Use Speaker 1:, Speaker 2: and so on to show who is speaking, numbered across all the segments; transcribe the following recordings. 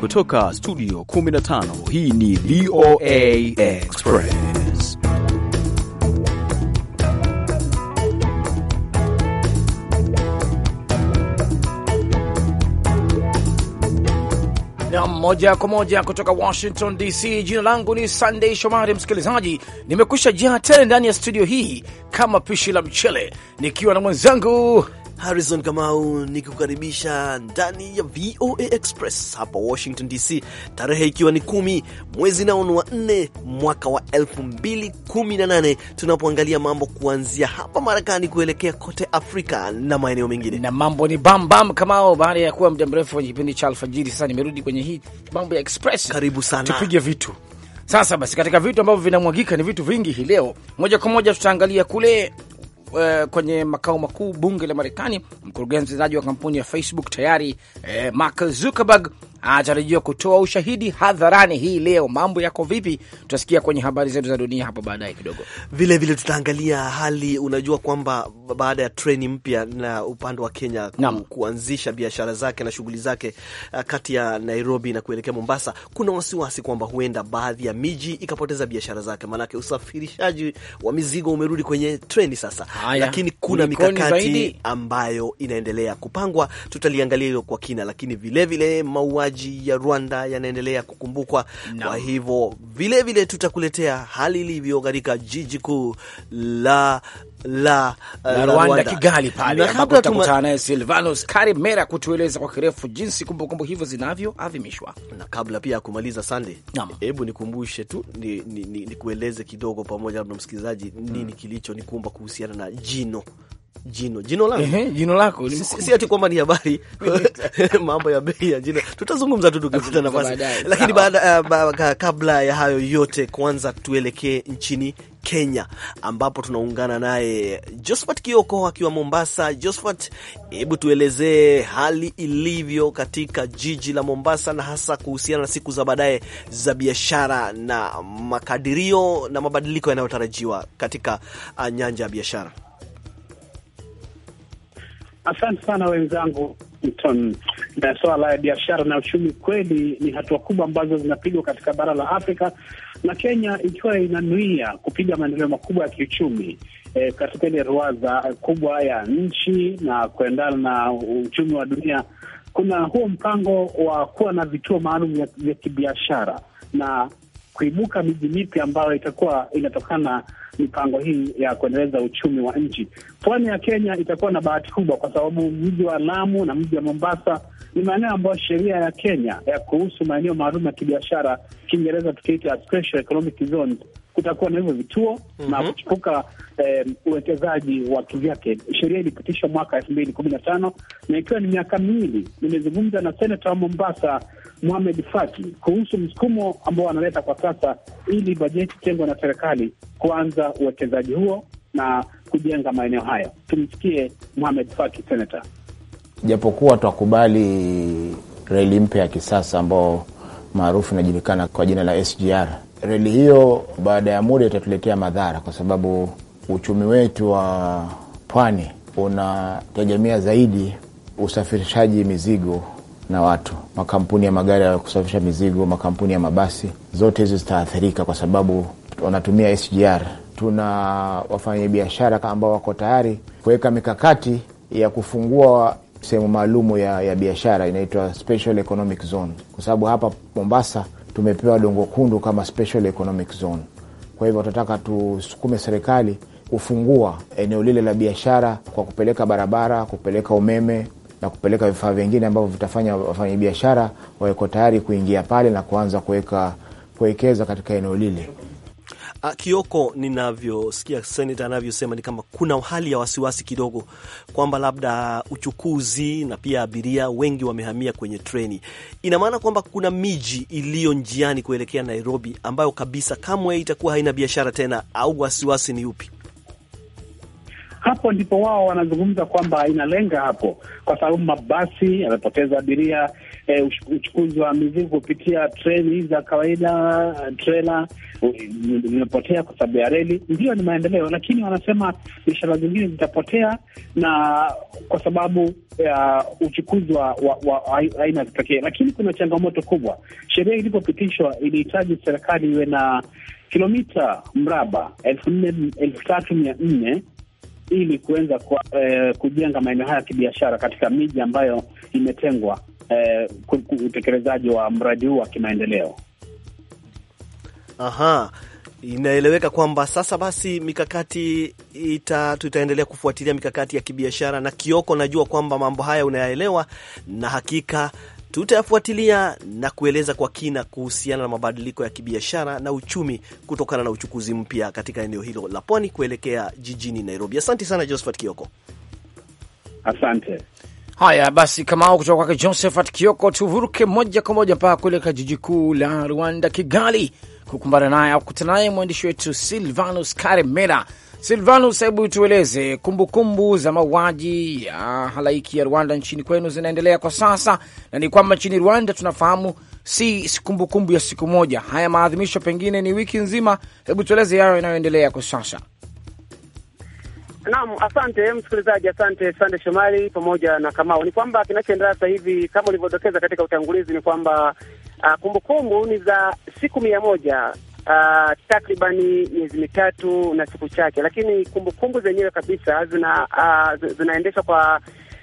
Speaker 1: kutoka studio 15 hii ni VOA Express
Speaker 2: na moja kwa moja kutoka Washington DC. Jina langu ni Sunday Shomari. Msikilizaji, nimekwisha jaa tele ndani ya studio hii kama pishi la mchele nikiwa na mwenzangu Harrison Kamau ni kukaribisha ndani
Speaker 1: ya VOA Express hapa Washington DC, tarehe ikiwa ni kumi mwezi naonu wa nne mwaka wa nane tunapoangalia mambo kuanzia hapa
Speaker 2: Marekani kuelekea kote Afrika na maeneo mengine, na mambo ni bambam Kamao. Baada ya kuwa muda mrefu kwenye kipindi cha alfajiri, sasa nimerudi kwenye hii mambo ya Express. Karibu sana, tupige vitu sasa. Basi katika vitu ambavyo vinamwagika ni vitu vingi hii leo. Moja kwa moja tutaangalia kule uh, kwenye makao makuu bunge la Marekani, mkurugenzi mtendaji wa kampuni ya Facebook tayari, eh, Mark Zuckerberg anatarajiwa kutoa ushahidi hadharani hii leo. Mambo yako vipi? Tutasikia kwenye habari zetu za dunia hapo baadaye kidogo. Vilevile tutaangalia hali, unajua
Speaker 1: kwamba baada ya treni mpya na upande wa Kenya kuanzisha biashara zake na shughuli zake uh, kati ya Nairobi na kuelekea Mombasa, kuna wasiwasi kwamba huenda baadhi ya miji ikapoteza biashara zake, maanake usafirishaji wa mizigo umerudi kwenye treni sasa. Haya, lakini kuna mikakati zaidi ambayo inaendelea kupangwa, tutaliangalia hilo kwa kina, lakini vilevile vile mauaji ya Rwanda yanaendelea kukumbukwa no. Kwa hivyo vilevile tutakuletea hali ilivyo katika jiji kuu la la,
Speaker 2: la, la Rwanda, Rwanda Kigali pale ambapo tutakutana naye Silvanos Karimera kutueleza kwa kirefu jinsi kumbukumbu hizo zinavyoadhimishwa. Na kabla pia ya kumaliza Sande, hebu nikumbushe
Speaker 1: tu nikueleze ni, ni, ni kidogo pamoja na msikilizaji nini mm. kilicho nikumba kuhusiana na jino jino jino langu ehe, jino lako si, si ati kwamba ni habari mambo ya bei ya jino, tutazungumza tu tukipata nafasi, lakini baada uh, kabla ya hayo yote, kwanza tuelekee nchini Kenya ambapo tunaungana naye Josephat Kioko akiwa Mombasa. Josephat, hebu tuelezee hali ilivyo katika jiji la Mombasa na hasa kuhusiana na siku za baadaye za biashara na makadirio na mabadiliko yanayotarajiwa katika eh, nyanja ya biashara.
Speaker 3: Asante sana wenzangu Mton. Na swala ya biashara na uchumi, kweli ni hatua kubwa ambazo zinapigwa katika bara la Afrika na Kenya ikiwa inanuia kupiga maendeleo makubwa ya kiuchumi e, katika ile ruwaza kubwa ya nchi na kuendana na uchumi wa dunia. Kuna huo mpango wa kuwa na vituo maalum vya kibiashara na kuibuka miji mipya ambayo itakuwa inatokana na mipango hii ya kuendeleza uchumi wa nchi. Pwani ya Kenya itakuwa na bahati kubwa, kwa sababu mji wa Lamu na mji wa Mombasa ni maeneo ambayo sheria ya Kenya ya kuhusu maeneo maalum ya kibiashara, Kiingereza tukiita special economic zones, kutakuwa na hivyo vituo mm -hmm. na mhm. kuchipuka eh, uwekezaji wa kivyake. Sheria ilipitishwa mwaka elfu mbili kumi na tano na ikiwa ni miaka miwili, nimezungumza na senata wa Mombasa Mohamed Faki kuhusu msukumo ambao wanaleta kwa sasa ili bajeti tengwa na serikali kuanza uwekezaji huo na kujenga maeneo hayo. Tumsikie Mohamed Faki, senata.
Speaker 2: Japokuwa twakubali reli mpya ya kisasa ambao maarufu inajulikana kwa jina la SGR, reli hiyo baada ya muda itatuletea madhara kwa sababu uchumi wetu wa pwani unategemea zaidi usafirishaji mizigo na watu, makampuni ya magari ya kusafirisha mizigo, makampuni ya mabasi, zote hizo zitaathirika kwa sababu wanatumia SGR. Tuna wafanyabiashara ambao wako tayari kuweka mikakati ya kufungua sehemu maalumu ya, ya biashara inaitwa special economic zone, kwa sababu hapa Mombasa tumepewa Dongo Kundu kama special economic zone. Kwa hivyo tunataka tusukume serikali kufungua eneo lile la biashara kwa kupeleka barabara, kupeleka umeme na kupeleka vifaa vingine ambavyo vitafanya wafanyabiashara waweko tayari kuingia pale na kuanza kuweka kuwekeza katika eneo lile.
Speaker 1: Ah, Kioko, ninavyosikia senata anavyosema ni kama kuna hali ya wasiwasi kidogo kwamba labda uchukuzi na pia abiria wengi wamehamia kwenye treni. Ina maana kwamba kuna miji iliyo njiani kuelekea Nairobi ambayo kabisa kamwe itakuwa haina biashara tena, au wasiwasi ni upi?
Speaker 3: Hapo ndipo wao wanazungumza kwamba inalenga hapo, kwa sababu mabasi yamepoteza abiria, e, uchukuzi wa mizigo kupitia treni za kawaida, trela zimepotea kwa sababu ya reli. Ndio ni maendeleo, lakini wanasema biashara zingine zitapotea na kwa sababu ya uchukuzi wa, wa, wa aina za pekee. Lakini kuna changamoto kubwa. Sheria ilipopitishwa ilihitaji serikali iwe na kilomita mraba elfu tatu mia nne ili kuweza eh, kujenga maeneo haya ya kibiashara katika miji ambayo imetengwa eh, utekelezaji wa mradi huu wa kimaendeleo.
Speaker 1: Aha, inaeleweka kwamba sasa basi mikakati ita, tutaendelea kufuatilia mikakati ya kibiashara na Kioko, najua kwamba mambo haya unayaelewa na hakika Tutayafuatilia na kueleza kwa kina kuhusiana na mabadiliko ya kibiashara na uchumi kutokana na uchukuzi mpya katika eneo hilo la pwani kuelekea jijini Nairobi. Asante sana Josephat Kioko. Asante.
Speaker 2: Haya basi, Kamao kutoka kwake Josephat Kioko. Tuvuruke moja kwa moja mpaka kuelekea jiji kuu la Rwanda, Kigali, kukumbana naye au kukutana naye mwandishi wetu Silvanus Karemera Silvanus, hebu tueleze kumbukumbu za mauaji ya halaiki ya Rwanda nchini kwenu zinaendelea kwa sasa, na ni kwamba nchini Rwanda tunafahamu si kumbukumbu ya siku moja, haya maadhimisho pengine ni wiki nzima. Hebu tueleze yayo yanayoendelea kwa sasa.
Speaker 4: Naam, asante msikilizaji, asante Sande Shomari pamoja na Kamao. Ni kwamba kinachoendelea sasa hivi kama ulivyodokeza katika utangulizi ni kwamba ah, kumbukumbu uh, kumbu ni za siku mia moja uh, ah, takriban miezi mitatu na siku chache, lakini kumbukumbu zenyewe kabisa zina uh, zinaendeshwa kwa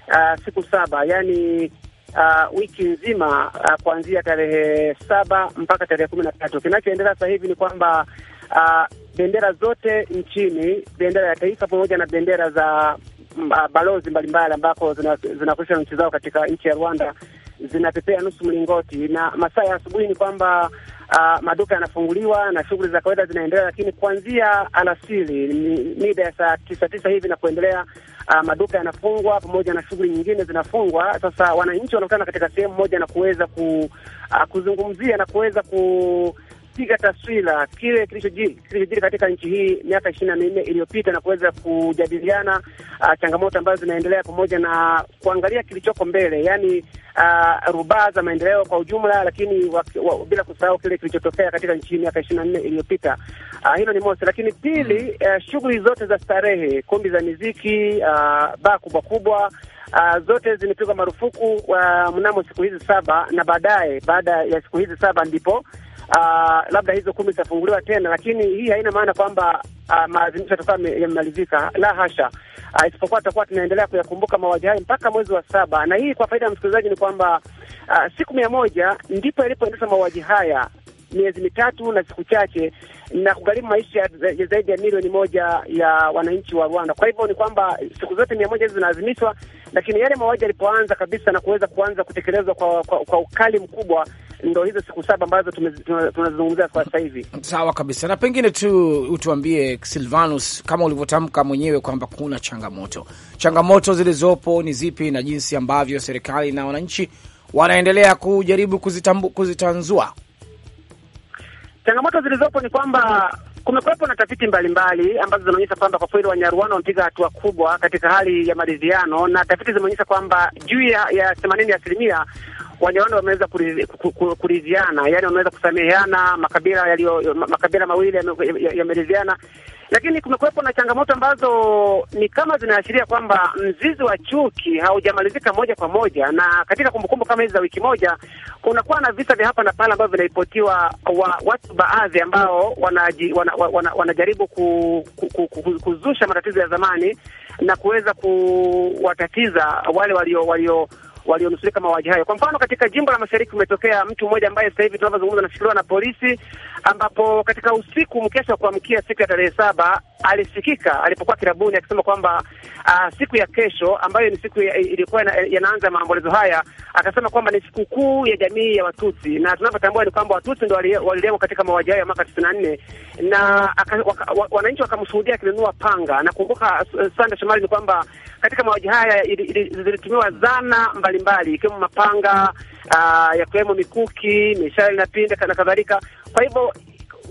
Speaker 4: uh, siku saba yani Uh, wiki nzima uh, kuanzia tarehe saba mpaka tarehe kumi na tatu. Kinachoendelea sasa hivi ni kwamba uh, bendera zote nchini, bendera ya taifa pamoja na bendera za uh, balozi mbalimbali ambako zinawakilisha zina nchi zao katika nchi ya Rwanda zinapepea nusu mlingoti, na masaa ya asubuhi ni kwamba uh, maduka yanafunguliwa na shughuli za kawaida zinaendelea, lakini kuanzia alasiri mida ya saa tisa tisa hivi na kuendelea, uh, maduka yanafungwa pamoja na shughuli nyingine zinafungwa. Sasa wananchi wanakutana katika sehemu moja na kuweza ku, uh, kuzungumzia na kuweza ku kupiga taswira kile kilichojiri katika nchi hii miaka ishirini na minne iliyopita na kuweza kujadiliana uh, changamoto ambazo zinaendelea pamoja na kuangalia kilichoko mbele, yani uh, ah, rubaa za maendeleo kwa ujumla, lakini wa, wa, bila kusahau kile kilichotokea katika nchi hii miaka ishirini na nne iliyopita. Uh, hilo ni mosi, lakini pili, uh, shughuli zote za starehe, kumbi za miziki, uh, baa kubwa kubwa Uh, zote zimepigwa marufuku uh, mnamo siku hizi saba na baadaye, baada ya siku hizi saba ndipo uh, labda hizo kumi zitafunguliwa tena, lakini hii haina maana kwamba uh, ah, maadhimisho yatakuwa yamemalizika, la hasha. Uh, isipokuwa tutakuwa tunaendelea kuyakumbuka mauaji hayo mpaka mwezi wa saba, na hii kwa faida ya msikilizaji ni kwamba uh, siku mia moja ndipo yalipoendesha mauaji haya miezi mitatu na siku chache na kugharimu maisha ya zaidi ya milioni moja ya wananchi wa Rwanda. Kwa hivyo ni kwamba siku zote mia moja hizi zinaadhimishwa, lakini yale mauaji yalipoanza kabisa na kuweza kuanza kutekelezwa kwa, kwa, kwa ukali mkubwa ndo hizo siku saba ambazo tunazizungumzia kwa sasa hivi.
Speaker 2: Sawa kabisa, na pengine tu utuambie Silvanus, kama ulivyotamka mwenyewe kwamba kuna changamoto, changamoto zilizopo ni zipi na jinsi ambavyo serikali na wananchi wanaendelea kujaribu kuzitambu, kuzitanzua.
Speaker 4: Changamoto zilizopo ni kwamba Kumekuwepo na tafiti mbalimbali ambazo zinaonyesha kwamba kwa kweli Wanyarwanda wamepiga hatua kubwa katika hali ya maridhiano, na tafiti zimeonyesha kwamba juu ya themanini asilimia Wanyarwanda wameweza kuridhiana, yani wameweza kusameheana. Makabila yaliyo makabila mawili yameridhiana ya, ya lakini kumekuwepo na changamoto ambazo ni kama zinaashiria kwamba mzizi wa chuki haujamalizika moja kwa moja, na katika kumbukumbu kama hizi za wiki moja kunakuwa na visa vya hapa na pale ambavyo vinaripotiwa wa watu baadhi ambao wanaji, wana, wana, wana, wanajaribu ku, ku, ku, ku, kuzusha matatizo ya zamani na kuweza kuwatatiza wale walio walio walionusurika mauaji hayo. Kwa mfano, katika jimbo la mashariki umetokea mtu mmoja ambaye sasa hivi tunavyozungumza anashikiliwa na polisi, ambapo katika usiku mkesha wa kuamkia siku ya tarehe saba alisikika alipokuwa kirabuni akisema kwamba uh, siku ya kesho ambayo ni siku ilikuwa ya, yanaanza maombolezo haya, akasema kwamba ni siku kuu ya jamii ya Watusi, na tunavyotambua ni kwamba Watusi ndio walilengwa katika mauaji hayo ya mwaka tisini na nne na wananchi wakamshuhudia akinunua panga. Nakumbuka Sande Shomari, ni kwamba katika mauaji haya zilitumiwa zana mbalimbali ikiwemo mapanga uh, yakiwemo mikuki, mishale na pinde na kadhalika, kwa hivyo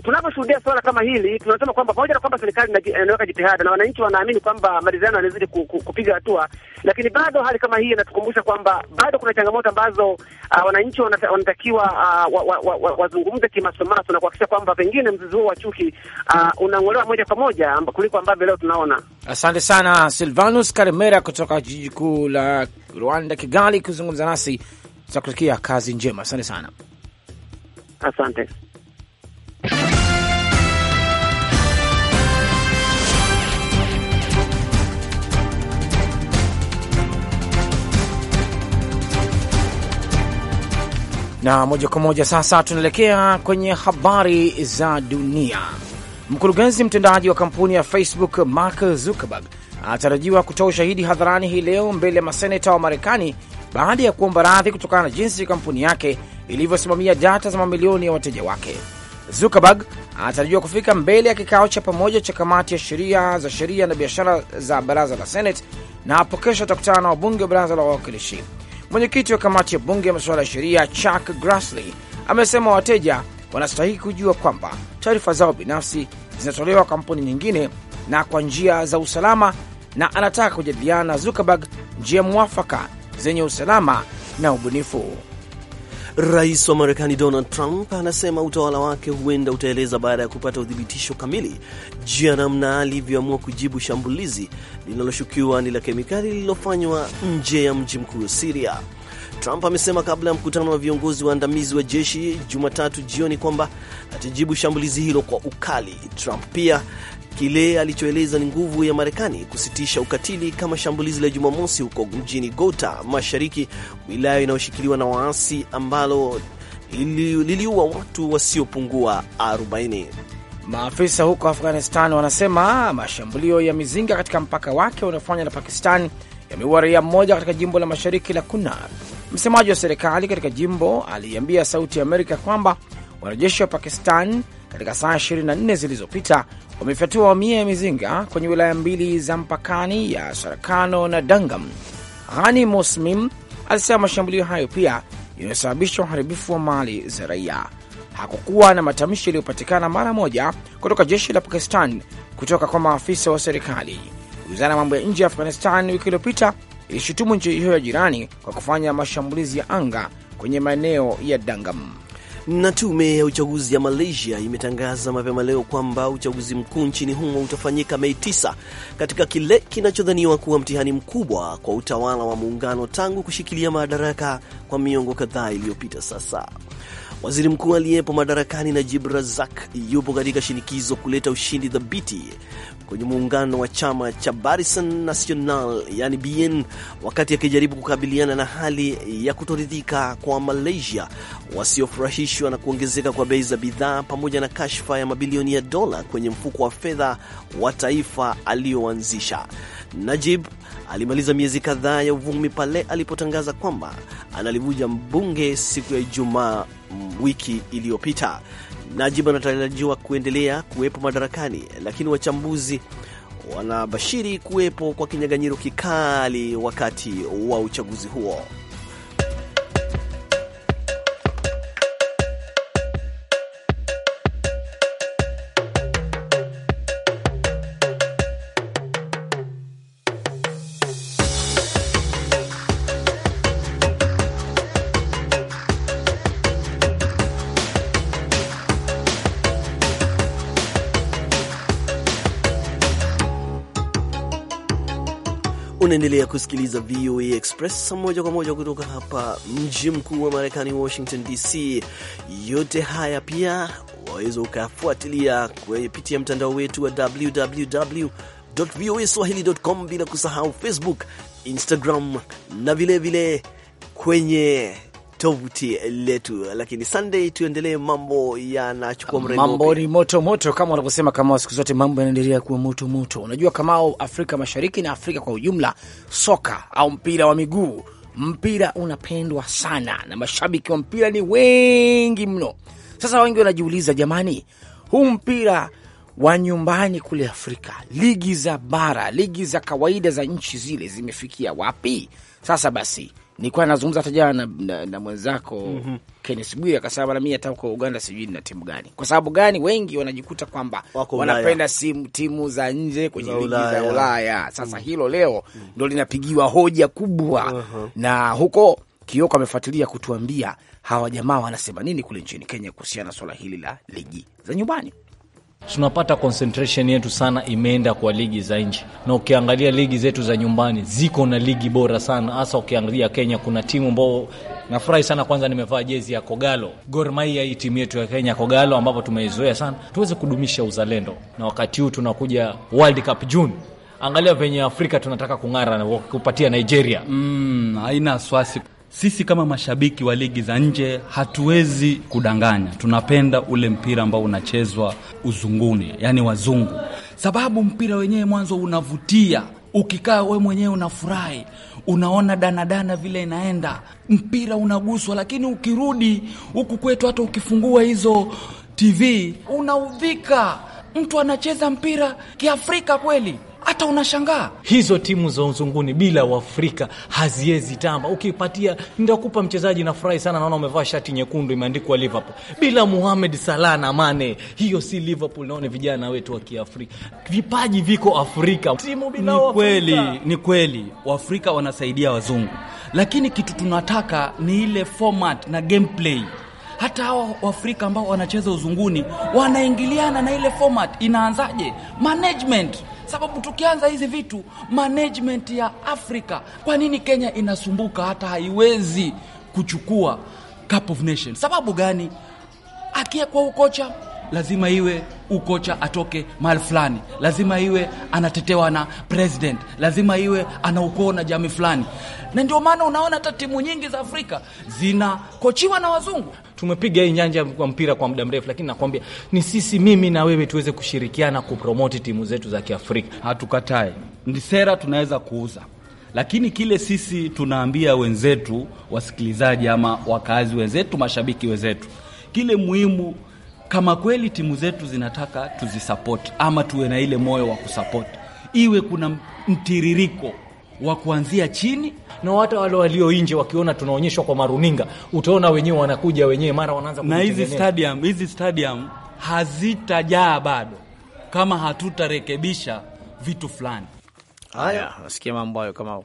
Speaker 4: tunaposhuhudia swala kama hili, tunasema kwamba pamoja na kwamba serikali inaweka jitihada na wananchi wanaamini kwamba maridhiano yanazidi ku, ku, kupiga hatua, lakini bado hali kama hii inatukumbusha kwamba bado kuna changamoto ambazo uh, wananchi wanata, wanatakiwa uh, wazungumze wa, wa, wa, wa kimasomaso na kuhakikisha kwamba pengine mzizi huo wa chuki uh, unang'olewa moja kwa moja amba, kuliko ambavyo leo tunaona.
Speaker 2: Asante sana Silvanus Karemera kutoka jiji kuu la Rwanda, Kigali, kuzungumza nasi. Tutakutakia kazi njema. Asante sana, asante. Na moja kwa moja sasa tunaelekea kwenye habari za dunia. Mkurugenzi mtendaji wa kampuni ya Facebook Mark Zuckerberg anatarajiwa kutoa ushahidi hadharani hii leo mbele ya maseneta wa Marekani baada ya kuomba radhi kutokana na jinsi kampuni yake ilivyosimamia data za mamilioni ya wateja wake. Zuckerberg anatarajiwa kufika mbele ya kikao cha pamoja cha kamati ya sheria za sheria na biashara za baraza la Senate na hapo kesho atakutana na wabunge wa baraza la wawakilishi. Mwenyekiti wa kamati ya bunge ya masuala ya sheria Chuck Grassley amesema wateja wanastahili kujua kwamba taarifa zao binafsi zinatolewa kampuni nyingine na kwa njia za usalama, na anataka kujadiliana na Zuckerberg njia mwafaka zenye usalama na ubunifu. Rais wa Marekani Donald Trump anasema utawala wake huenda utaeleza baada ya
Speaker 1: kupata uthibitisho kamili juu ya namna alivyoamua kujibu shambulizi linaloshukiwa ni la kemikali lililofanywa nje ya mji mkuu wa Siria. Trump amesema kabla ya mkutano na viongozi waandamizi wa jeshi Jumatatu jioni kwamba atajibu shambulizi hilo kwa ukali. Trump pia kile alichoeleza ni nguvu ya Marekani kusitisha ukatili kama shambulizi la Jumamosi huko mjini Gota Mashariki, wilaya inayoshikiliwa na waasi
Speaker 2: ambalo liliua watu wasiopungua 40. Maafisa huko Afghanistan wanasema mashambulio ya mizinga katika mpaka wake unaofanya na Pakistan yameua raia mmoja katika jimbo la mashariki la Kunar Msemaji wa serikali katika jimbo aliiambia Sauti ya Amerika kwamba wanajeshi wa Pakistan katika saa 24 zilizopita wamefyatua mamia ya mizinga kwenye wilaya mbili za mpakani ya Sarakano na Dangam. Ghani Mosmim alisema mashambulio hayo pia yanayosababisha uharibifu wa mali za raia. Hakukuwa na matamshi yaliyopatikana mara moja kutoka jeshi la Pakistan kutoka kwa maafisa wa serikali. Wizara ya mambo ya nje ya Afghanistan wiki iliyopita ilishutumu nchi hiyo ya jirani kwa kufanya mashambulizi ya anga kwenye maeneo ya Dangam. Na tume ya uchaguzi ya Malaysia imetangaza mapema
Speaker 1: leo kwamba uchaguzi mkuu nchini humo utafanyika Mei 9 katika kile kinachodhaniwa kuwa mtihani mkubwa kwa utawala wa muungano tangu kushikilia madaraka kwa miongo kadhaa iliyopita sasa. Waziri mkuu aliyepo madarakani Najib Razak yupo katika shinikizo kuleta ushindi thabiti kwenye muungano wa chama cha Barisan Nasional yani BN, wakati akijaribu kukabiliana na hali ya kutoridhika kwa Malaysia wasiofurahishwa na kuongezeka kwa bei za bidhaa pamoja na kashfa ya mabilioni ya dola kwenye mfuko wa fedha wa taifa aliyoanzisha. Najib alimaliza miezi kadhaa ya uvumi pale alipotangaza kwamba analivuja mbunge siku ya Ijumaa wiki iliyopita. Najib anatarajiwa kuendelea kuwepo madarakani, lakini wachambuzi wanabashiri kuwepo kwa kinyang'anyiro kikali wakati wa uchaguzi huo. Unaendelea kusikiliza VOA Express moja kwa moja kutoka hapa mji mkuu wa Marekani, Washington DC. Yote haya pia waweza ukafuatilia kupitia mtandao wetu wa www voa swahili.com, bila kusahau Facebook, Instagram na vilevile kwenye tovuti letu. Lakini Sunday, tuendelee, mambo yanachukua mrengo, mambo ni
Speaker 2: moto moto kama wanavyosema, kama siku zote mambo yanaendelea kuwa moto moto. Unajua kamao, Afrika Mashariki na Afrika kwa ujumla, soka au mpira wa miguu, mpira unapendwa sana na mashabiki wa mpira ni wengi mno. Sasa wengi wanajiuliza, jamani, huu mpira wa nyumbani kule Afrika, ligi za bara, ligi za kawaida za nchi zile zimefikia wapi? Sasa basi nilikuwa nazungumza hata jana na, na, na mwenzako mm -hmm. Bwire akasema bana, mimi hata huko Uganda sijui nina timu gani. Kwa sababu gani? Wengi wanajikuta kwamba wanapenda simu, timu za nje kwenye ligi za Ulaya. Sasa mm -hmm. hilo leo mm -hmm. ndo linapigiwa hoja kubwa uh -huh. na huko Kioko amefuatilia kutuambia hawa jamaa wanasema nini kule nchini Kenya kuhusiana na swala hili la ligi za nyumbani
Speaker 5: tunapata concentration yetu sana imeenda kwa ligi za nje, na ukiangalia ligi zetu za nyumbani ziko na ligi bora sana, hasa ukiangalia Kenya kuna timu ambao nafurahi sana. Kwanza nimevaa jezi ya Kogalo Gor Mahia, hii timu yetu ya Kenya Kogalo, ambapo tumeizoea sana. Tuweze kudumisha uzalendo, na wakati huu tunakuja World Cup June. Angalia venye Afrika tunataka kung'ara, kupatia Nigeria mm, haina swasi sisi kama mashabiki wa ligi za nje hatuwezi kudanganya, tunapenda ule mpira ambao unachezwa uzunguni, yani wazungu, sababu mpira wenyewe mwanzo unavutia. Ukikaa we mwenyewe unafurahi, unaona danadana vile inaenda, mpira unaguswa. Lakini ukirudi huku kwetu, hata ukifungua hizo TV unaudhika, mtu anacheza mpira kiafrika kweli hata unashangaa hizo timu za uzunguni bila Uafrika haziwezi tamba. Ukipatia ndakupa mchezaji nafurahi sana, naona umevaa shati nyekundu imeandikwa Liverpool bila muhamed Salah na Mane, hiyo si Liverpool. Naone vijana wetu wa Kiafrika vipaji viko Afrika. Timu bila ni kweli, ni kweli Waafrika wanasaidia wazungu, lakini kitu tunataka ni ile format na gameplay hata hawa Waafrika ambao wanacheza uzunguni wanaingiliana na ile format, inaanzaje management sababu tukianza hizi vitu management ya Afrika, kwa nini Kenya inasumbuka hata haiwezi kuchukua Cup of Nation? Sababu gani? Akiekwa ukocha lazima iwe ukocha atoke mahali fulani, lazima iwe anatetewa na president, lazima iwe ukoo na jamii fulani, na ndio maana unaona hata timu nyingi za Afrika zinakochiwa na wazungu tumepiga hii nyanja kwa mpira kwa muda mrefu, lakini nakwambia ni sisi, mimi na wewe, tuweze kushirikiana kupromoti timu zetu za Kiafrika. Hatukatae, ni sera tunaweza kuuza, lakini kile sisi tunaambia wenzetu, wasikilizaji ama wakazi wenzetu, mashabiki wenzetu, kile muhimu kama kweli timu zetu zinataka tuzisapoti ama tuwe na ile moyo wa kusapoti, iwe kuna mtiririko wa kuanzia chini na hata wale walio nje wakiona tunaonyeshwa kwa maruninga, utaona wenyewe wanakuja wenyewe, mara wanaanza na hizi stadium. Hizi stadium hazitajaa bado kama hatutarekebisha vitu fulani. Haya, nasikia
Speaker 1: mambo hayo kama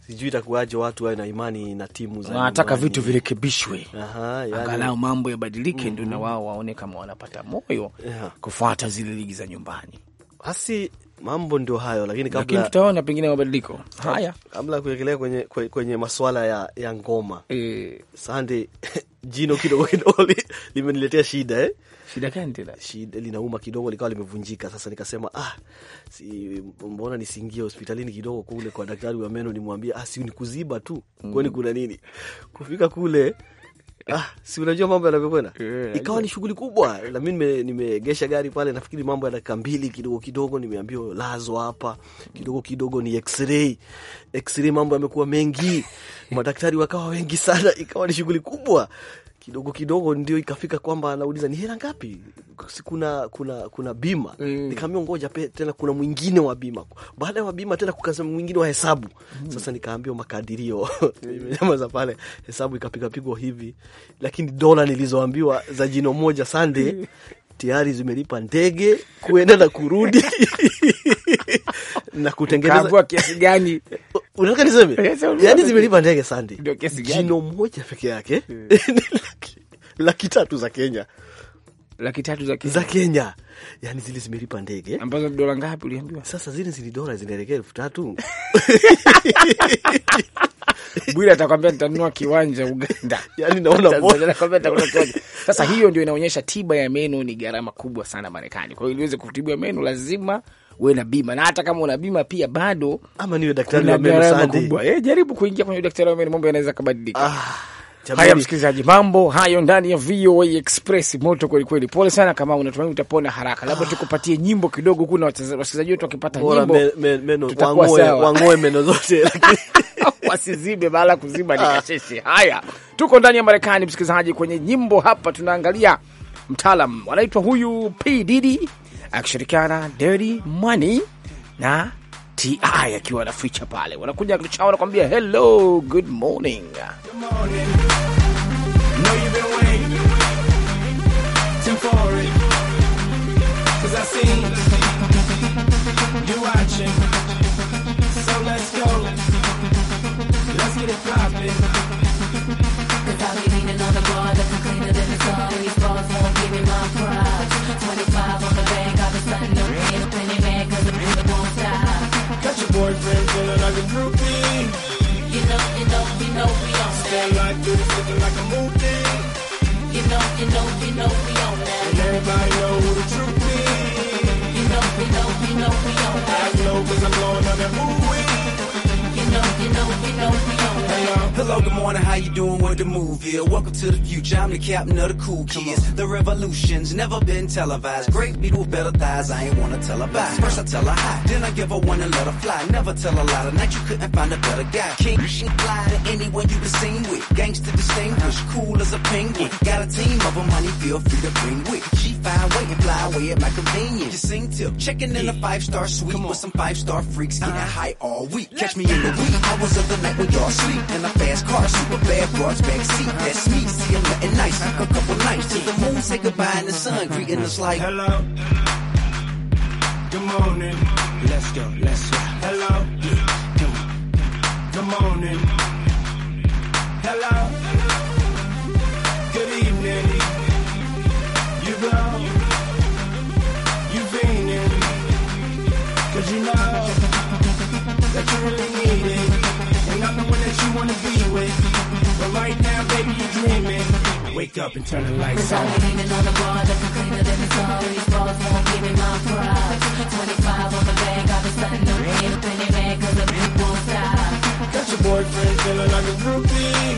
Speaker 1: sijui itakuwaje, watu wawe na imani na timu za wanataka vitu
Speaker 2: virekebishwe, yani, angalau mambo yabadilike, mm -hmm. Ndio na mhm. wao waone kama wanapata moyo yeah, kufuata zile ligi za nyumbani
Speaker 1: basi Mambo ndio hayo,
Speaker 2: lakini kabla, lakini tutaona pengine mabadiliko haya,
Speaker 1: kabla ya kuekelea kwenye, kwenye maswala ya, ya ngoma e... Sande jino kidogo kidogo limeniletea shida eh? Shida gani tena? Shida linauma kidogo, likawa limevunjika. Sasa nikasema ah, si mbona nisiingie hospitalini kidogo kule kwa daktari wa meno nimwambie, ah, si ni kuziba tu, mm. kwani kuna nini? Kufika kule Ah, si unajua mambo yanavyokwenda, ikawa ni shughuli kubwa. Na mimi nimeegesha gari pale, nafikiri mambo ya dakika mbili, kidogo kidogo nimeambiwa lazwa hapa, kidogo kidogo ni x-ray. X-ray mambo yamekuwa mengi, madaktari wakawa wengi sana, ikawa ni shughuli kubwa kidogo kidogo, ndio ikafika kwamba anauliza ni hela ngapi, si kuna kuna kuna bima mm. Nikaambia ngoja tena, kuna mwingine wa bima. Baada ya wa bima tena kukaza mwingine wa hesabu mm. Sasa nikaambiwa makadirio imenyamaza pale, hesabu ikapigapigwa hivi, lakini dola nilizoambiwa za jino moja sande tayari zimelipa ndege kuenda na kurudi na kutengeneza kiasi gani? Unataka niseme eh, yani zimelipa ndege sandi, Jino moja peke yake eh. laki tatu za Kenya laki tatu za Kenya, za Kenya.
Speaker 2: Yani zile zimelipa ndege ambazo dola ngapi uliambiwa? Sasa zile zili dola zinaelekea elfu tatu Bwira atakwambia nitanunua kiwanja Uganda. Yani naona sasa, hiyo ndio inaonyesha tiba ya meno ni gharama kubwa sana Marekani. Kwa hiyo iliweze kutibia meno lazima uwe na bima, na hata kama una bima pia bado ama niwe daktari wa meno sandi. Eh, jaribu kuingia kwenye daktari wa meno, mambo yanaweza kubadilika. Ah, haya msikilizaji, mambo hayo ndani ya VOA Express, moto kweli kweli. Pole sana kama unatumaini utapona haraka, labda ah. tukupatie nyimbo kidogo. Kuna wasikilizaji wetu wakipata nyimbo meno, wangoe wangoe meno zote wasizibe bala kuziba ni ah. kasheshe. Haya, tuko ndani ya Marekani msikilizaji, kwenye nyimbo hapa tunaangalia mtaalam wanaitwa huyu PDD akishirikiana Dirty Money na TI akiwa anaficha pale, wanakuja kitu chao, wanakuambia hello good morning, good morning. No, know, you know we on that. And everybody know the truth is. You know, you know, you know we on that. I know i I'm blowing on that ooh You know, you know, you know Hello. Hello, good morning, how you doing? What the move here? Welcome to the future, I'm the captain of the cool kids. The revolution's never been televised. Great beat with better thighs, I ain't wanna tell her bye. First I tell her hi, then I give her one and let her fly. Never tell a lie, tonight you couldn't find a better guy. King, fly to anyone you been seen with. Gangster distinguished, cool as a penguin. Got a team of a money. feel free to bring with. She fine, waiting, fly away at my convenience. You sing tip, checking in a five-star suite with some five-star freaks. Getting uh-huh. high all week, catch me in the week. was up the night when y'all sleep in a fast car. super bad broads back seat. That's me. See I'm nice. a couple nights till the moon say goodbye and the sun greeting us like hello. Good morning. Let's go. Let's go. Hello. Good morning. Hello. Good evening. You blow. You fiending. Cause you know that you really need it not the one that you wanna be with. But right now, baby, you're dreaming.
Speaker 3: Wake up and turn the lights on. Hanging on the bar, looking cleaner than it's These Balls won't give me my prize. 25 on the bag, all of a sudden I'm in. Penny mad cause the beat won't stop.
Speaker 1: Got your boyfriend feeling like a groupie.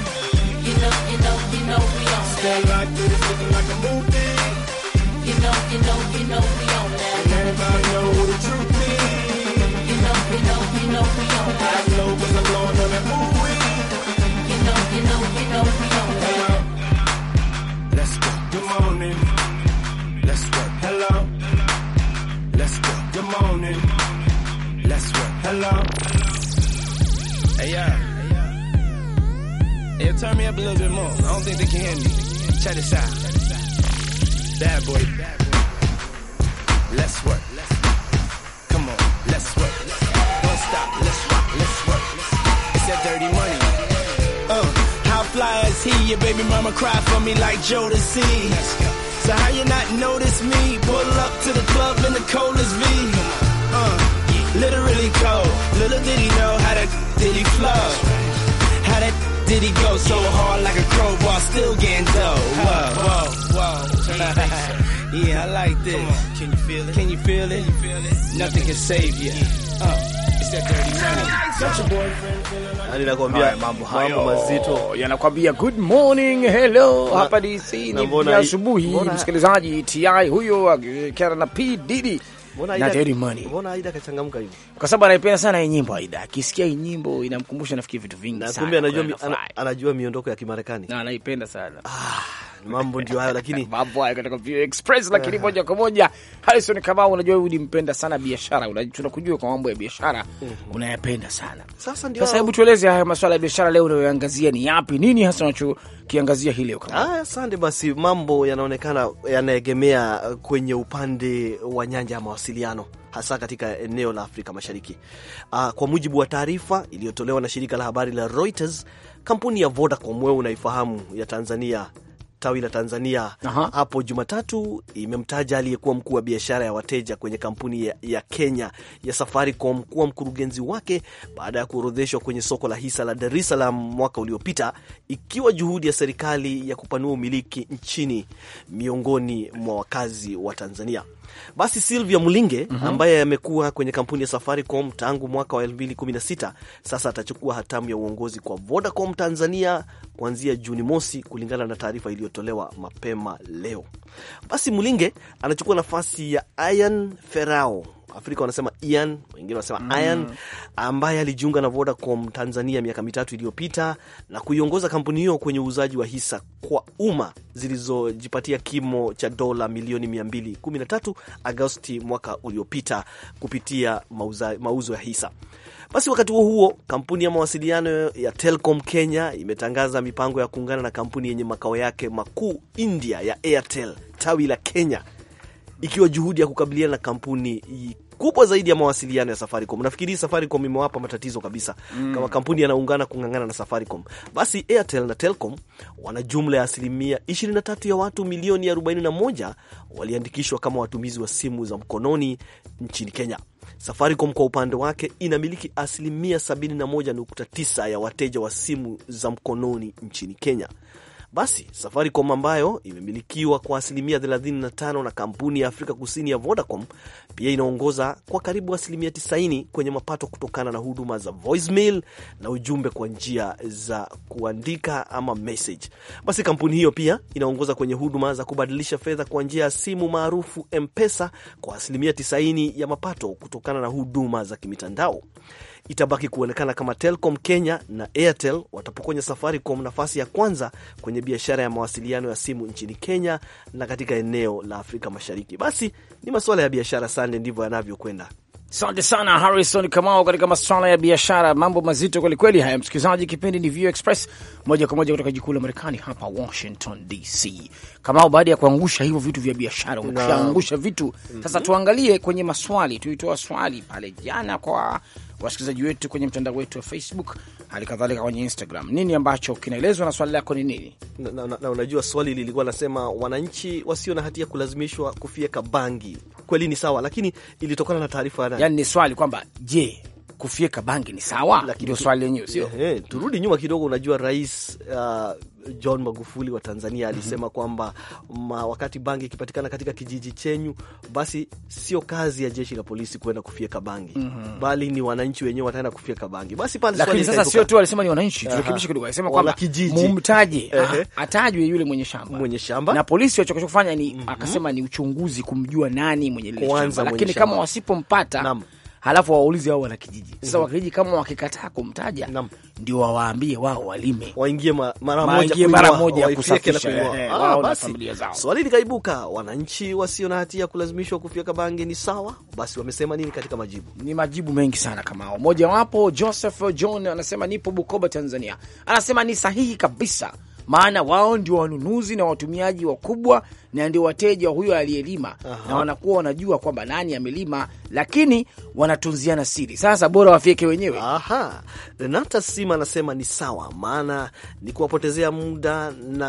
Speaker 1: You know, you know, you know we on that. Stay like this, looking like a movie. You know, you know, you know we on that. And everybody know the truth is. You know, you know, you know we on low, because blowing on that ooh-wee. You know, you know, you know, we on Hello. Let's go. Good morning. Let's work. Hello.
Speaker 2: Let's go. Good morning. Let's work. Hello. Hey, yeah. Hey, turn me up a little bit more. I don't think they can hear me. Check this out. Bad boy. Let's work. fly as he. Your baby mama cry for me like Joe to see. So how you not notice me? Pull up to the club in the coldest V. Uh, literally cold. Little did he know how that did he flow. How that did he go so hard like a crow while still getting dough? Whoa, whoa, whoa. yeah, I like this. Can you feel it? Can you feel it? Nothing can save you. Uh. Yaani nakwambia mambo hayo good morning hello na, hapa DC ni asubuhi msikilizaji. TI huyo akiwa na P Diddy Kwa sababu anaipenda sana hii nyimbo Aida. Akisikia hii nyimbo inamkumbusha nafikiri vitu vingi sana. anajua anajua miondoko ya Kimarekani. Na anaipenda sana. Ah mambo ndio hayo, lakini mambo hayo katika View Express. Lakini moja kwa moja, Harrison, Kamau, unajua wewe ulimpenda sana biashara, tunakujua kwa mambo ya biashara mhm. unayapenda sana. Sasa ndio sasa, hebu tueleze haya masuala ya biashara leo unayoangazia ni yapi? Nini hasa unachokiangazia hii
Speaker 1: leo? Kama asante basi, mambo yanaonekana yanaegemea kwenye upande wa nyanja ya mawasiliano hasa katika eneo la Afrika Mashariki. Aa, ah, kwa mujibu wa taarifa iliyotolewa na shirika la habari la Reuters, kampuni ya Vodacom, wewe unaifahamu, ya Tanzania tawi la Tanzania Aha. hapo Jumatatu imemtaja aliyekuwa mkuu wa biashara ya wateja kwenye kampuni ya, ya Kenya ya Safaricom kuwa mkurugenzi wake baada ya kuorodheshwa kwenye soko la hisa la Dar es Salaam mwaka uliopita, ikiwa juhudi ya serikali ya kupanua umiliki nchini miongoni mwa wakazi wa Tanzania. Basi Sylvia Mlinge mm -hmm. ambaye amekuwa kwenye kampuni ya Safaricom tangu mwaka wa 2016 sasa atachukua hatamu ya uongozi kwa Vodacom Tanzania kuanzia Juni mosi, kulingana na taarifa iliyotolewa mapema leo. Basi Mlinge anachukua nafasi ya Ian Ferrao Afrika wanasema Ian, wengine wanasema mm. Ian ambaye alijiunga na Vodacom Tanzania miaka mitatu iliyopita na kuiongoza kampuni hiyo kwenye uuzaji wa hisa kwa umma zilizojipatia kimo cha dola milioni 213 Agosti mwaka uliopita kupitia mauzo ya hisa. Basi wakati huo huo, kampuni ya mawasiliano ya Telcom Kenya imetangaza mipango ya kuungana na kampuni yenye makao yake makuu India ya Airtel tawi la Kenya, ikiwa juhudi ya kukabiliana na kampuni kubwa zaidi ya mawasiliano ya Safaricom. Nafikiri Safaricom imewapa matatizo kabisa mm. kama kampuni yanaungana kung'ang'ana na Safaricom, basi Airtel na Telcom wana jumla ya asilimia 23 ya watu milioni 41 waliandikishwa kama watumizi wa simu za mkononi nchini Kenya. Safaricom kwa upande wake inamiliki asilimia 71.9 ya wateja wa simu za mkononi nchini Kenya. Basi Safaricom ambayo imemilikiwa kwa asilimia 35 na kampuni ya Afrika Kusini ya Vodacom pia inaongoza kwa karibu asilimia 90 kwenye mapato kutokana na huduma za voicemail na ujumbe kwa njia za kuandika ama message. Basi kampuni hiyo pia inaongoza kwenye huduma za kubadilisha fedha kwa njia ya simu maarufu M-Pesa kwa asilimia 90 ya mapato kutokana na huduma za kimitandao itabaki kuonekana kama Telcom Kenya na Airtel watapokonya Safaricom nafasi ya kwanza kwenye biashara ya mawasiliano ya simu nchini Kenya na katika eneo la Afrika Mashariki. Basi ni masuala ya
Speaker 2: biashara sande, ndivyo yanavyokwenda. Asante sana Harrison Kamao katika maswala ya biashara, mambo mazito kwelikweli haya. Msikilizaji, kipindi ni View Express moja kwa moja kutoka jikuu la Marekani hapa Washington DC. Kamao, baada ya kuangusha hivyo vitu vya biashara, umeshaangusha vitu sasa, mhm. tuangalie kwenye maswali. Tuitoa swali pale jana kwa wasikilizaji wetu kwenye mtandao wetu wa Facebook, hali kadhalika kwenye Instagram. Nini ambacho kinaelezwa na swali lako ni nini? Na, na, na
Speaker 1: unajua swali lilikuwa nasema wananchi wasio na hatia kulazimishwa kufyeka bangi kweli ni sawa, lakini ilitokana na taarifa yani, yaani ni swali kwamba je, kufyeka bangi ni sawa?
Speaker 2: Ndio swali lenyewe, sio
Speaker 1: eh, eh, turudi nyuma kidogo. Unajua rais uh, John Magufuli wa Tanzania mhm. alisema kwamba wakati bangi ikipatikana katika kijiji chenyu, basi sio kazi ya jeshi la polisi kuenda kufyeka bangi mm -hmm. bali ni wananchi wenyewe wataenda kufyeka bangi. Basi pale lakini sasa sio tu
Speaker 2: alisema ni wananchi, turekebishe kidogo, alisema kwamba mumtaje, atajwe yule mwenye shamba, mwenye shamba na polisi wachokacho kufanya ni mm -hmm. akasema ni uchunguzi kumjua nani mwenye lile shamba, lakini kama wasipompata halafu wawaulize hao wanakijiji sasa. mm -hmm. Wakijiji kama wakikataa kumtaja ndio wawaambie wao walime waingie mara moja mara moja kusafisha eh, ah, wao na familia zao.
Speaker 1: Swali likaibuka, wananchi wasio na hatia kulazimishwa kufyeka bange
Speaker 2: ni sawa? Basi wamesema nini katika majibu? Ni majibu mengi sana kama hao. Mojawapo Joseph John anasema nipo Bukoba, Tanzania, anasema ni sahihi kabisa maana wao ndio wanunuzi na watumiaji wakubwa na ndio wateja huyo aliyelima, na wanakuwa wanajua kwamba nani amelima, lakini wanatunziana siri. Sasa bora wafieke wenyewe. Aha,
Speaker 1: Renata Sima anasema ni sawa, maana ni kuwapotezea muda na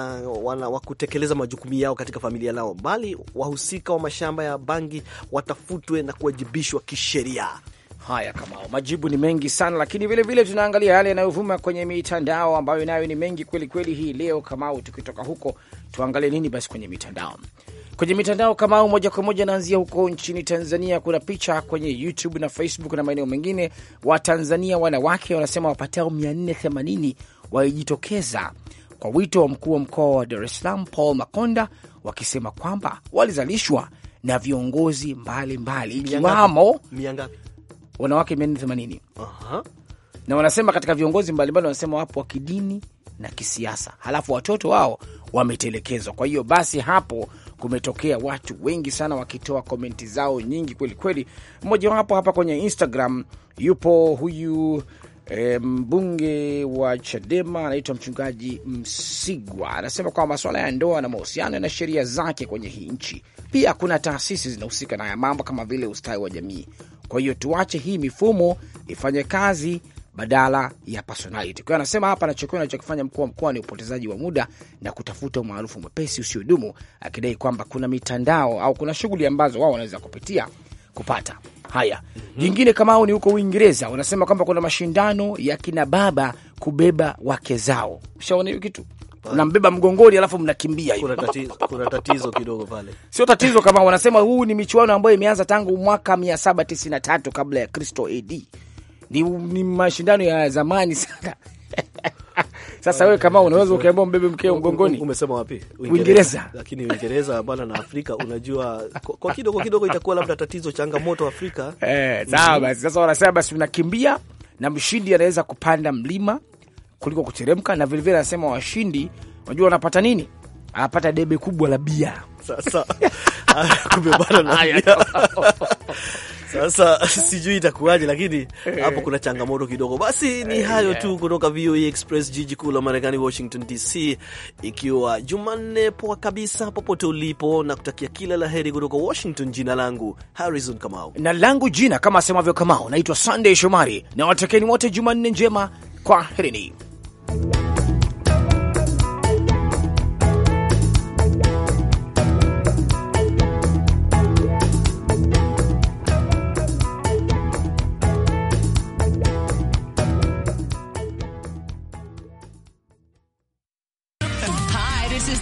Speaker 1: wakutekeleza majukumu yao katika familia lao, bali wahusika wa mashamba ya bangi
Speaker 2: watafutwe na kuwajibishwa kisheria. Haya, Kamao, majibu ni mengi sana, lakini vilevile tunaangalia yale yanayovuma kwenye mitandao ambayo nayo ni mengi kwelikweli. Hii leo Kamao, tukitoka huko tuangalie nini basi kwenye mitandao. Kwenye mitandao Kamao, moja kwa moja naanzia huko nchini Tanzania. Kuna picha kwenye YouTube na Facebook na maeneo mengine, Watanzania wanawake wanasema wapatao 480 walijitokeza kwa wito wa mkuu wa mkoa wa Dar es Salaam Paul Makonda, wakisema kwamba walizalishwa na viongozi mbalimbali ikiwamo mbali wanawake mia nne themanini na wanasema katika viongozi mbalimbali wanasema wapo wa kidini na kisiasa, halafu watoto wao wametelekezwa. Kwa hiyo basi hapo kumetokea watu wengi sana wakitoa komenti zao nyingi kweli kweli. Mmojawapo hapa kwenye Instagram yupo huyu e, mbunge wa Chadema anaitwa Mchungaji Msigwa, anasema kwamba masuala ya ndoa na mahusiano yana sheria zake kwenye hii nchi. Pia kuna taasisi zinahusika na haya mambo kama vile ustawi wa jamii. Kwa hiyo tuache hii mifumo ifanye kazi badala ya personality. Kwa hiyo anasema hapa, anachokiwa anachokifanya mkuu wa mkoa ni upotezaji wa muda na kutafuta umaarufu mwepesi usiodumu, akidai kwamba kuna mitandao au kuna shughuli ambazo wao wanaweza kupitia kupata haya. Mhm. Jingine mm -hmm. ni huko Uingereza, wanasema kwamba kuna mashindano ya kina baba kubeba wake zao. Ushaona hiyo kitu unambeba mgongoni, alafu mnakimbia
Speaker 1: hivi. Kuna tatizo kidogo pale,
Speaker 2: sio tatizo kama wanasema. Huu ni michuano ambayo imeanza tangu mwaka 793 kabla ya Kristo AD. Ni, ni mashindano ya zamani sana. Sasa wewe kama unaweza ukiambia mbebe mkeo um, um, mgongoni. Um, umesema wapi? Uingereza. Lakini Uingereza bwana na Afrika unajua kwa kidogo kidogo itakuwa
Speaker 1: labda tatizo changamoto Afrika.
Speaker 2: Eh, sawa mm-hmm. basi. Sasa wanasema basi unakimbia na mshindi anaweza kupanda mlima kuliko kuteremka, na vilevile anasema washindi, unajua wanapata nini? Anapata debe kubwa la bia. Sasa kumebana
Speaker 1: na bia Sasa sijui itakuwaje, lakini hapo kuna changamoto kidogo. Basi ni eh, hayo tu kutoka VOA e Express, jiji kuu la Marekani, Washington DC, ikiwa Jumanne poa kabisa popote ulipo, na kutakia kila la heri kutoka Washington. Jina langu
Speaker 2: Harrison Kamau, na langu jina kama asemavyo Kamau, naitwa Sunday Shomari, na watakeni wote Jumanne njema, kwa herini. Bye.